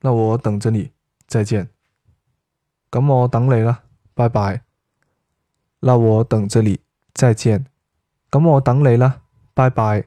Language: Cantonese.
那我等着你，再見。咁我等你啦，拜拜。那我等着你，再見。咁我等你啦，拜拜。